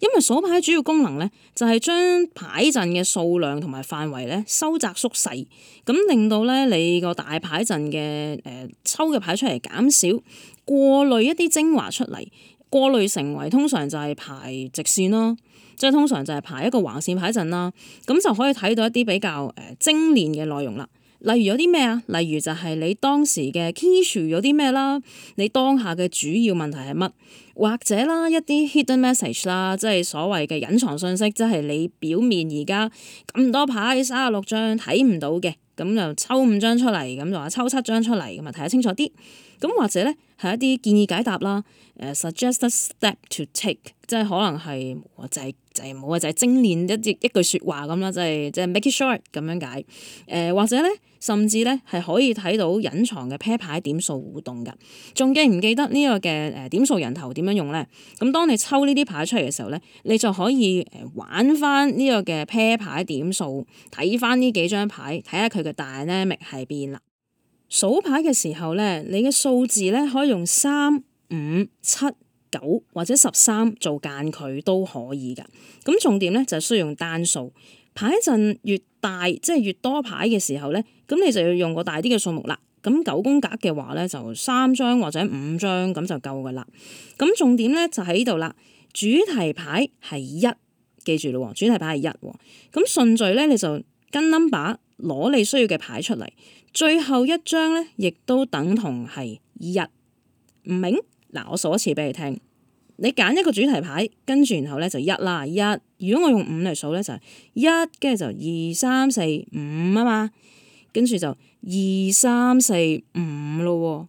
Speaker 1: 因為數牌主要功能呢，就係將牌陣嘅數量同埋範圍呢，收窄縮細，咁令到呢你個大牌陣嘅誒、呃、抽嘅牌出嚟減少，過濾一啲精華出嚟，過濾成為通常就係排直線咯，即、就、係、是、通常就係排一個橫線牌陣啦，咁就可以睇到一啲比較誒、呃、精煉嘅內容啦。例如有啲咩啊？例如就係你當時嘅 key issue 有啲咩啦？你當下嘅主要問題係乜？或者啦一啲 hidden message 啦，即係所謂嘅隱藏信息，即係你表面而家咁多牌三十六張睇唔到嘅，咁就抽五張出嚟，咁就話抽七張出嚟，咁啊睇得清楚啲。咁或者咧係一啲建議解答啦，誒、呃、suggest a step to take，即係可能係就係就係冇啊，就係、是就是就是就是、精煉一一句説話咁啦，就係即係 make it short 咁樣解。誒、呃、或者咧？甚至咧係可以睇到隱藏嘅 pair 牌點數互動㗎。仲記唔記得呢個嘅誒點數人頭點樣用咧？咁當你抽呢啲牌出嚟嘅時候咧，你就可以誒玩翻呢個嘅 pair 牌點數，睇翻呢幾張牌，睇下佢嘅 dynamic 喺邊啦。數牌嘅時候咧，你嘅數字咧可以用三、五、七、九或者十三做間距都可以㗎。咁重點咧就需要用單數。牌陣越大，即係越多牌嘅時候咧。咁你就要用個大啲嘅數目啦。咁九宮格嘅話咧，就三張或者五張咁就夠㗎啦。咁重點咧就喺度啦，主題牌係一，記住咯喎，主題牌係一喎。咁順序咧你就跟 number 攞你需要嘅牌出嚟，最後一張咧亦都等同係一。唔明嗱？我數一次俾你聽，你揀一個主題牌，跟住然後咧就一啦一。如果我用五嚟數咧，就係一，跟住就二三四五啊嘛。跟住就二三四五咯，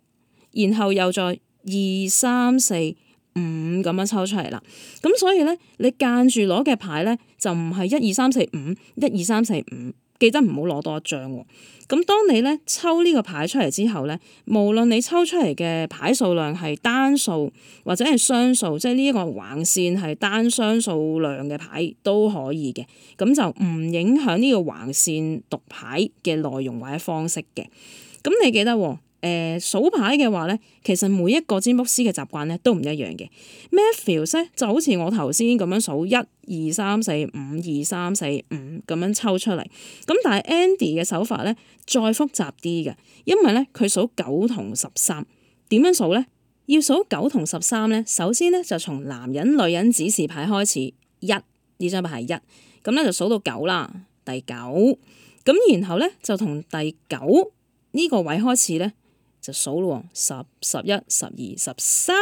Speaker 1: 然後又再二三四五咁樣抽出嚟啦。咁所以咧，你間住攞嘅牌咧，就唔係一二三四五，一二三四五。記得唔好攞多一張喎、哦。咁當你咧抽呢個牌出嚟之後咧，無論你抽出嚟嘅牌數量係單數或者係雙數，即係呢一個橫線係單雙數量嘅牌都可以嘅。咁就唔影響呢個橫線讀牌嘅內容或者方式嘅。咁你記得喎、哦。誒、呃、數牌嘅話呢，其實每一個占卜師嘅習慣呢都唔一樣嘅。Matthews 咧就好似我頭先咁樣數一二三四五，二三四五咁樣抽出嚟。咁但係 Andy 嘅手法呢，再複雜啲嘅，因為呢，佢數九同十三。點樣數呢？要數九同十三呢，首先呢就從男人女人指示牌開始一，呢張牌係一，咁呢，就數到九啦，第九。咁然後呢就同第九呢個位開始呢。就數咯十、十一、十二、十三，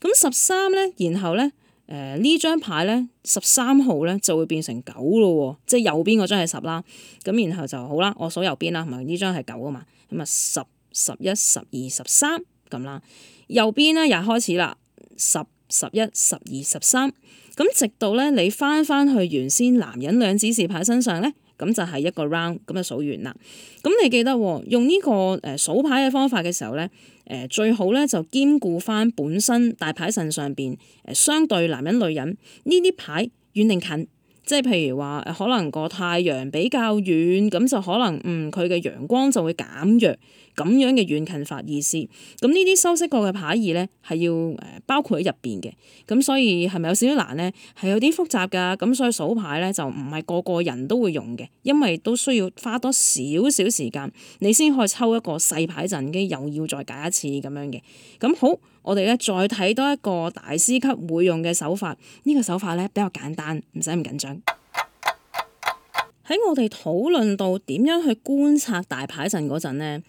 Speaker 1: 咁十三咧，然後咧，誒呢張牌咧，十三號咧就會變成九咯喎，即係右邊嗰張係十啦，咁然後就好啦，我數右邊啦，係咪？呢張係九啊嘛，咁啊十、十一、十二、十三咁啦，右邊咧又開始啦，十、十一、十二、十三，咁、呃、直到咧你翻翻去原先男人兩指示牌身上咧。咁就係一個 round，咁就數完啦。咁你記得用呢、這個誒、呃、數牌嘅方法嘅時候咧，誒、呃、最好咧就兼顧翻本身大牌神上邊誒、呃、相對男人女人呢啲牌遠定近。即係譬如話，可能個太陽比較遠，咁就可能嗯佢嘅陽光就會減弱，咁樣嘅遠近法意思。咁呢啲修飾過嘅牌意咧，係要誒、呃、包括喺入邊嘅。咁所以係咪有少少難咧？係有啲複雜㗎。咁所以數牌咧就唔係個個人都會用嘅，因為都需要花多少少時間，你先可以抽一個細牌陣，跟住又要再解一次咁樣嘅。咁好。我哋咧再睇多一個大師級會用嘅手法，呢、這個手法咧比較簡單，唔使咁緊張。喺我哋討論到點樣去觀察大牌陣嗰陣咧，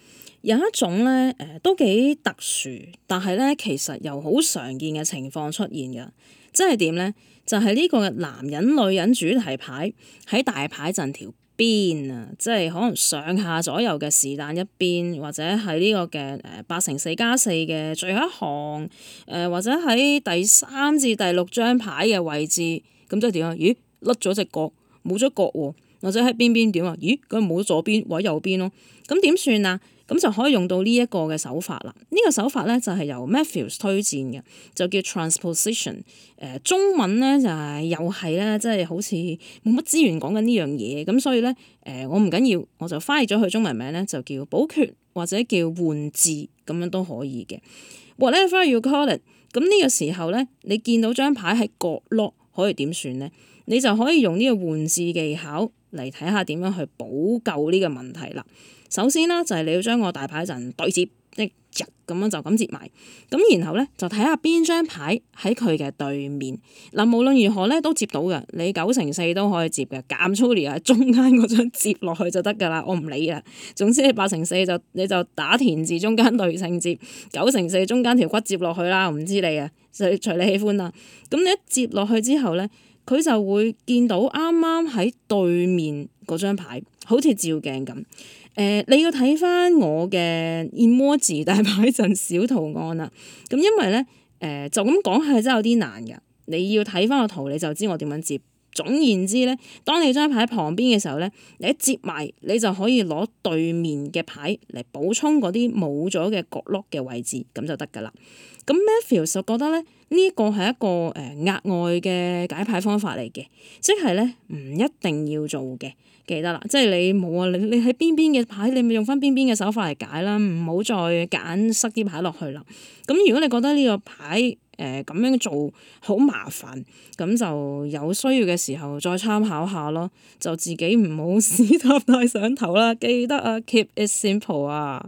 Speaker 1: 有一種咧誒、呃、都幾特殊，但係咧其實又好常見嘅情況出現嘅，即係點呢？就係、是、呢個男人女人主題牌喺大牌陣條邊啊？即係可能上下左右嘅是但一邊，或者係呢個嘅誒八乘四加四嘅最後一行，誒、呃，或者喺第三至第六張牌嘅位置，咁即係點啊？咦，甩咗隻角，冇咗角喎、哦。或者喺邊邊點啊？咦，佢冇左邊，或者右邊咯。咁點算啊？咁就可以用到呢一個嘅手法啦。呢個手法咧、這個、就係、是、由 Matthews 推薦嘅，就叫 transposition。誒、呃、中文咧就係又係咧，即係好似冇乜資源講緊呢樣嘢，咁所以咧誒、呃、我唔緊要，我就翻譯咗佢中文名咧就叫補缺或者叫換字咁樣都可以嘅。Whatever you call it？咁呢個時候咧，你見到張牌喺角落可以點算咧？你就可以用呢個換字技巧。嚟睇下點樣去補救呢個問題啦。首先呢，就係你要將個大牌陣對接，一日咁樣就咁接埋。咁然後呢，就睇下邊張牌喺佢嘅對面。嗱，無論如何呢，都接到嘅。你九成四都可以接嘅。減粗啲啊，中間嗰張接落去就得㗎啦。我唔理啦。總之你八成四就你就打田字中間對稱接，九成四中間條骨接落去啦。唔知你啊，隨隨你喜歡啦。咁你一接落去之後呢。佢就會見到啱啱喺對面嗰張牌，好似照鏡咁。誒、呃，你要睇翻我嘅 emoji 但係牌陣小圖案啦。咁因為咧，誒、呃、就咁講係真有啲難㗎。你要睇翻個圖，你就知我點樣接。總言之咧，當你張牌旁邊嘅時候咧，你一接埋，你就可以攞對面嘅牌嚟補充嗰啲冇咗嘅角落嘅位置，咁就得㗎啦。咁 Matthew 就覺得咧。呢個係一個誒額外嘅解牌方法嚟嘅，即係咧，唔一定要做嘅。記得啦，即係你冇啊，你你喺邊邊嘅牌，你咪用翻邊邊嘅手法嚟解啦，唔好再夾硬塞啲牌落去啦。咁如果你覺得呢個牌誒咁、呃、樣做好麻煩，咁就有需要嘅時候再參考下咯。就自己唔好試得太上頭啦，記得啊，Keep it simple 啊。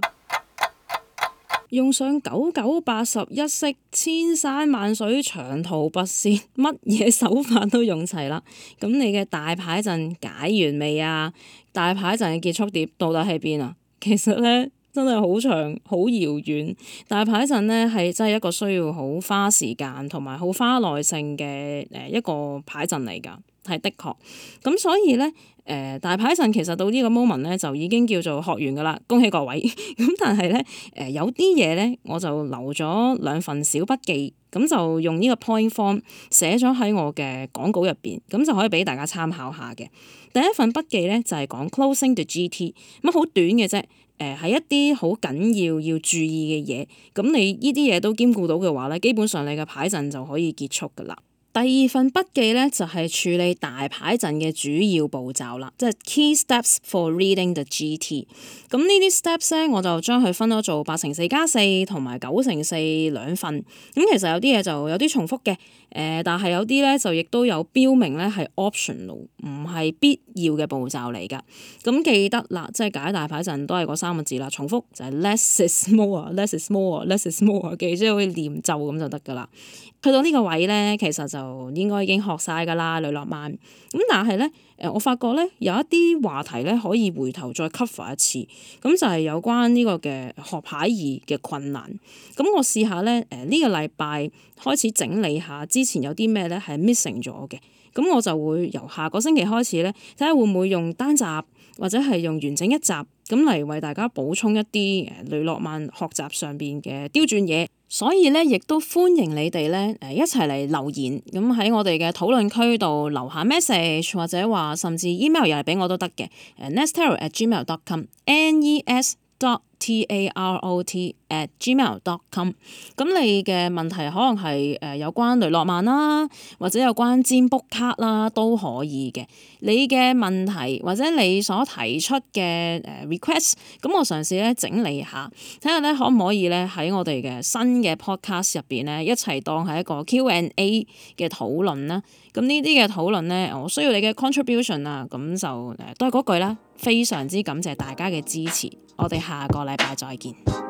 Speaker 1: 用上九九八十一式、千山萬水、長途跋涉，乜嘢手法都用齊啦。咁你嘅大牌陣解完未啊？大牌陣嘅結束點到底喺邊啊？其實咧，真係好長好遙遠。大牌陣咧係真係一個需要好花時間同埋好花耐性嘅誒一個牌陣嚟噶。係的確咁，所以咧，誒、呃、大牌陣其實到呢個 moment 咧，就已經叫做學完噶啦，恭喜各位。咁 但係咧，誒、呃、有啲嘢咧，我就留咗兩份小筆記，咁就用呢個 point form 寫咗喺我嘅講稿入邊，咁就可以俾大家參考下嘅。第一份筆記咧就係、是、講 closing the GT，咁好短嘅啫，誒、呃、係一啲好緊要要注意嘅嘢。咁你呢啲嘢都兼顧到嘅話咧，基本上你嘅牌陣就可以結束噶啦。第二份筆記呢，就係、是、處理大牌陣嘅主要步驟啦，即係 key steps for reading the GT。咁呢啲 steps 呢，我就將佢分咗做八乘四加四同埋九乘四兩份。咁、嗯、其實有啲嘢就有啲重複嘅。誒，但係有啲咧就亦都有標明咧係 optional，唔係必要嘅步驟嚟㗎。咁、嗯、記得啦，即係解大牌陣都係嗰三個字啦，重複就係 less is more，less is more，less is more，記住，即係可以唸咒咁就得㗎啦。去到呢個位咧，其實就應該已經學晒㗎啦，雷諾曼。咁、嗯、但係咧。誒，我發覺咧有一啲話題咧可以回頭再 cover 一次，咁就係有關呢個嘅學牌兒嘅困難。咁我試下咧，誒、呃、呢個禮拜開始整理下之前有啲咩咧係 missing 咗嘅，咁我就會由下個星期開始咧，睇下會唔會用單集或者係用完整一集咁嚟為大家補充一啲雷諾曼學習上邊嘅刁鑽嘢。所以咧，亦都歡迎你哋咧，誒、一齊嚟留言，咁喺我哋嘅討論區度留下 message，或者話甚至 email 入嚟俾我都得嘅，nestero@gmail.com，n e s dot t a r o t at gmail dot com，咁你嘅問題可能係誒、呃、有關雷諾曼啦，或者有關占卜卡啦都可以嘅。你嘅問題或者你所提出嘅誒 request，咁我嘗試咧整理下，睇下咧可唔可以咧喺我哋嘅新嘅 podcast 入邊咧一齊當係一個 Q and A 嘅討論啦。咁呢啲嘅討論咧，我需要你嘅 contribution 啦。咁就誒、呃、都係嗰句啦。非常之感謝大家嘅支持，我哋下個禮拜再見。